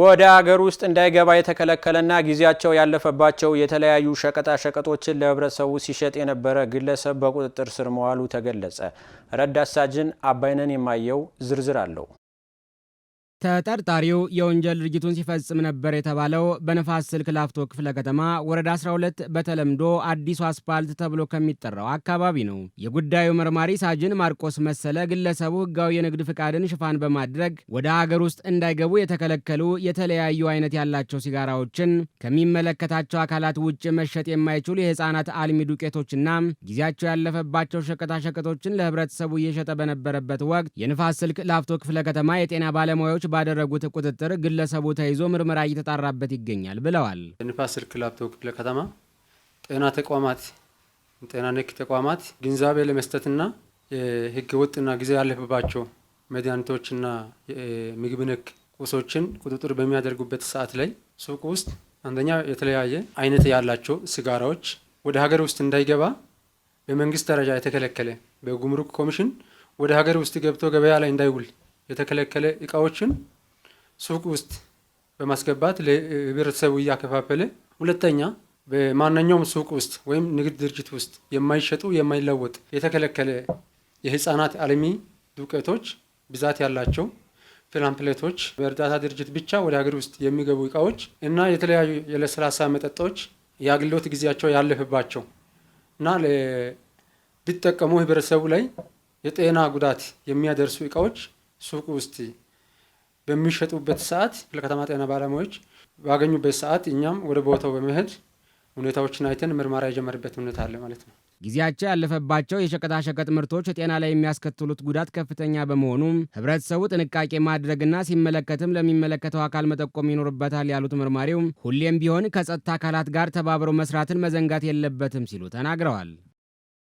ወደ አገር ውስጥ እንዳይገባ የተከለከለና ጊዜያቸው ያለፈባቸው የተለያዩ ሸቀጣ ሸቀጦችን ለህብረተሰቡ ሲሸጥ የነበረ ግለሰብ በቁጥጥር ስር መዋሉ ተገለጸ። ረዳት ሳጅን አባይነን የማየው ዝርዝር አለው። ተጠርጣሪው የወንጀል ድርጊቱን ሲፈጽም ነበር የተባለው በንፋስ ስልክ ላፍቶ ክፍለ ከተማ ወረዳ 12 በተለምዶ አዲሱ አስፓልት ተብሎ ከሚጠራው አካባቢ ነው። የጉዳዩ መርማሪ ሳጅን ማርቆስ መሰለ ግለሰቡ ህጋዊ የንግድ ፍቃድን ሽፋን በማድረግ ወደ ሀገር ውስጥ እንዳይገቡ የተከለከሉ የተለያዩ አይነት ያላቸው ሲጋራዎችን ከሚመለከታቸው አካላት ውጭ መሸጥ የማይችሉ የህፃናት አልሚ ዱቄቶችና ጊዜያቸው ያለፈባቸው ሸቀጣሸቀጦችን ለህብረተሰቡ እየሸጠ በነበረበት ወቅት የንፋስ ስልክ ላፍቶ ክፍለ ከተማ የጤና ባለሙያዎች ባደረጉት ቁጥጥር ግለሰቡ ተይዞ ምርመራ እየተጣራበት ይገኛል ብለዋል። ንፋስ ስልክ ላፍቶ ክፍለ ከተማ ጤና ተቋማት ጤና ነክ ተቋማት ግንዛቤ ለመስጠትና የህገ ወጥና ጊዜ ያለፈባቸው መድኃኒቶችና ምግብ ነክ ቁሶችን ቁጥጥር በሚያደርጉበት ሰዓት ላይ ሱቅ ውስጥ አንደኛ የተለያየ አይነት ያላቸው ስጋራዎች ወደ ሀገር ውስጥ እንዳይገባ በመንግስት ደረጃ የተከለከለ በጉምሩክ ኮሚሽን ወደ ሀገር ውስጥ ገብቶ ገበያ ላይ እንዳይውል የተከለከለ እቃዎችን ሱቅ ውስጥ በማስገባት ለህብረተሰቡ እያከፋፈለ ሁለተኛ በማንኛውም ሱቅ ውስጥ ወይም ንግድ ድርጅት ውስጥ የማይሸጡ የማይለወጥ የተከለከለ የህፃናት አልሚ ዱቄቶች ብዛት ያላቸው ፍላምፕሌቶች በእርዳታ ድርጅት ብቻ ወደ ሀገር ውስጥ የሚገቡ እቃዎች እና የተለያዩ የለስላሳ መጠጦች የአገልግሎት ጊዜያቸው ያለፈባቸው እና ቢጠቀሙ ህብረተሰቡ ላይ የጤና ጉዳት የሚያደርሱ እቃዎች ሱቅ ውስጥ በሚሸጡበት ሰዓት ለከተማ ጤና ባለሙያዎች ባገኙበት ሰዓት እኛም ወደ ቦታው በመሄድ ሁኔታዎችን አይተን ምርመራ የጀመርበት ሁኔታ አለ ማለት ነው። ጊዜያቸው ያለፈባቸው የሸቀጣሸቀጥ ምርቶች ጤና ላይ የሚያስከትሉት ጉዳት ከፍተኛ በመሆኑ ህብረተሰቡ ጥንቃቄ ማድረግና ሲመለከትም ለሚመለከተው አካል መጠቆም ይኖርበታል ያሉት ምርማሪው ሁሌም ቢሆን ከጸጥታ አካላት ጋር ተባብረው መስራትን መዘንጋት የለበትም ሲሉ ተናግረዋል።